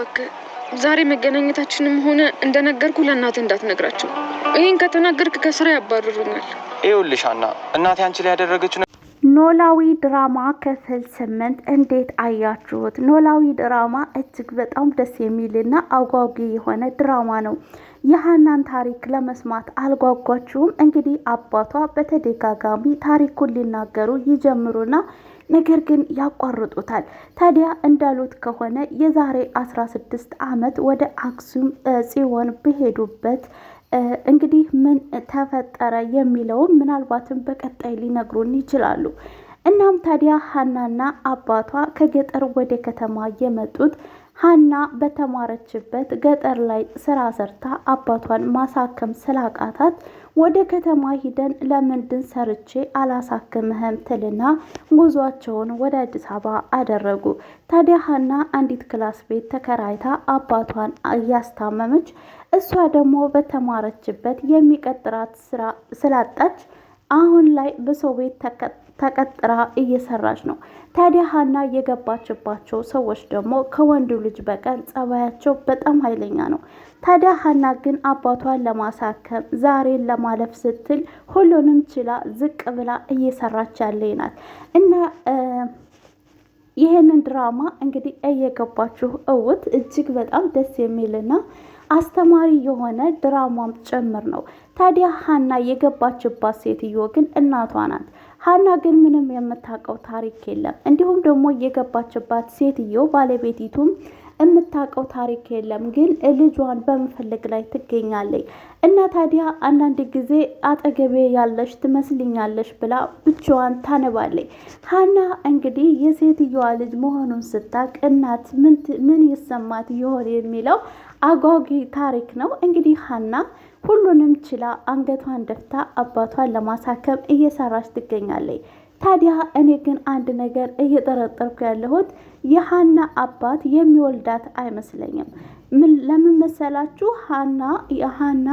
እባክህ ዛሬ መገናኘታችንም ሆነ እንደነገርኩ ለእናት እንዳትነግራቸው። ይህን ከተናገርክ ከስራ ያባርሩናል። ይኸውልሽ እናቴ አንቺ ላይ ያደረገችው ኖላዊ ድራማ ክፍል ስምንት እንዴት አያችሁት? ኖላዊ ድራማ እጅግ በጣም ደስ የሚልና አጓጊ የሆነ ድራማ ነው። የሀናን ታሪክ ለመስማት አልጓጓችሁም? እንግዲህ አባቷ በተደጋጋሚ ታሪኩን ሊናገሩ ይጀምሩና ነገር ግን ያቋርጡታል። ታዲያ እንዳሉት ከሆነ የዛሬ 16 ዓመት ወደ አክሱም ጽዮን በሄዱበት እንግዲህ ምን ተፈጠረ የሚለውም ምናልባትም በቀጣይ ሊነግሩን ይችላሉ። እናም ታዲያ ሀናና አባቷ ከገጠር ወደ ከተማ የመጡት ሀና በተማረችበት ገጠር ላይ ስራ ሰርታ አባቷን ማሳከም ስላቃታት ወደ ከተማ ሂደን ለምንድን ሰርቼ አላሳክምህም ትልና ጉዟቸውን ወደ አዲስ አበባ አደረጉ። ታዲያ ሀና አንዲት ክላስ ቤት ተከራይታ አባቷን እያስታመመች እሷ ደግሞ በተማረችበት የሚቀጥራት ስራ ስላጣች አሁን ላይ በሰው ቤት ተቀጥራ እየሰራች ነው። ታዲያ ሀና የገባችባቸው ሰዎች ደግሞ ከወንዱ ልጅ በቀር ጸባያቸው በጣም ኃይለኛ ነው። ታዲያ ሀና ግን አባቷን ለማሳከም ዛሬን ለማለፍ ስትል ሁሉንም ችላ ዝቅ ብላ እየሰራች ያለች ናት እና ይህንን ድራማ እንግዲህ እየገባችሁ እውት እጅግ በጣም ደስ የሚልና አስተማሪ የሆነ ድራማም ጭምር ነው። ታዲያ ሀና የገባችባት ሴትዮ ግን እናቷ ናት። ሀና ግን ምንም የምታውቀው ታሪክ የለም። እንዲሁም ደግሞ የገባችባት ሴትዮ ባለቤቲቱም የምታውቀው ታሪክ የለም፣ ግን ልጇን በመፈለግ ላይ ትገኛለች። እና ታዲያ አንዳንድ ጊዜ አጠገቤ ያለሽ ትመስልኛለሽ ብላ ብቻዋን ታነባለች። ሀና እንግዲህ የሴትየዋ ልጅ መሆኑን ስታቅ እናት ምን ይሰማት ይሆን የሚለው አጓጊ ታሪክ ነው። እንግዲህ ሀና ሁሉንም ችላ አንገቷን ደፍታ አባቷን ለማሳከም እየሰራች ትገኛለች። ታዲያ እኔ ግን አንድ ነገር እየጠረጠርኩ ያለሁት የሀና አባት የሚወልዳት አይመስለኝም። ለምን መሰላችሁ? ሀና የሀና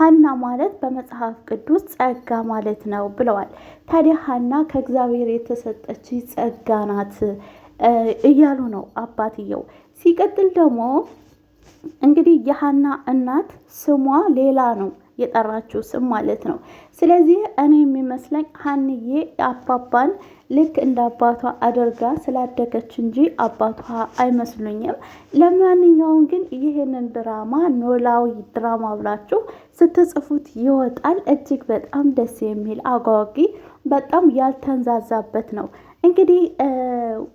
ሀና ማለት በመጽሐፍ ቅዱስ ጸጋ ማለት ነው ብለዋል። ታዲያ ሀና ከእግዚአብሔር የተሰጠች ጸጋ ናት እያሉ ነው አባትየው። ሲቀጥል ደግሞ እንግዲህ የሀና እናት ስሟ ሌላ ነው የጠራችው ስም ማለት ነው። ስለዚህ እኔ የሚመስለኝ ሀንዬ አባባን ልክ እንደ አባቷ አድርጋ ስላደገች እንጂ አባቷ አይመስሉኝም። ለማንኛውም ግን ይህንን ድራማ ኖላዊ ድራማ ብላችሁ ስትጽፉት ይወጣል። እጅግ በጣም ደስ የሚል አጓጊ፣ በጣም ያልተንዛዛበት ነው። እንግዲህ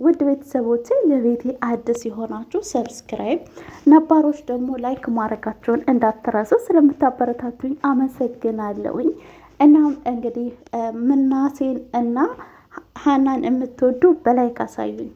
ውድ ቤተሰቦች ለቤቴ አዲስ የሆናችሁ ሰብስክራይብ፣ ነባሮች ደግሞ ላይክ ማድረጋችሁን እንዳትረሱ። ስለምታበረታቱኝ አመሰግናለሁኝ። እናም እንግዲህ ምናሴን እና ሀናን የምትወዱ በላይክ አሳዩኝ።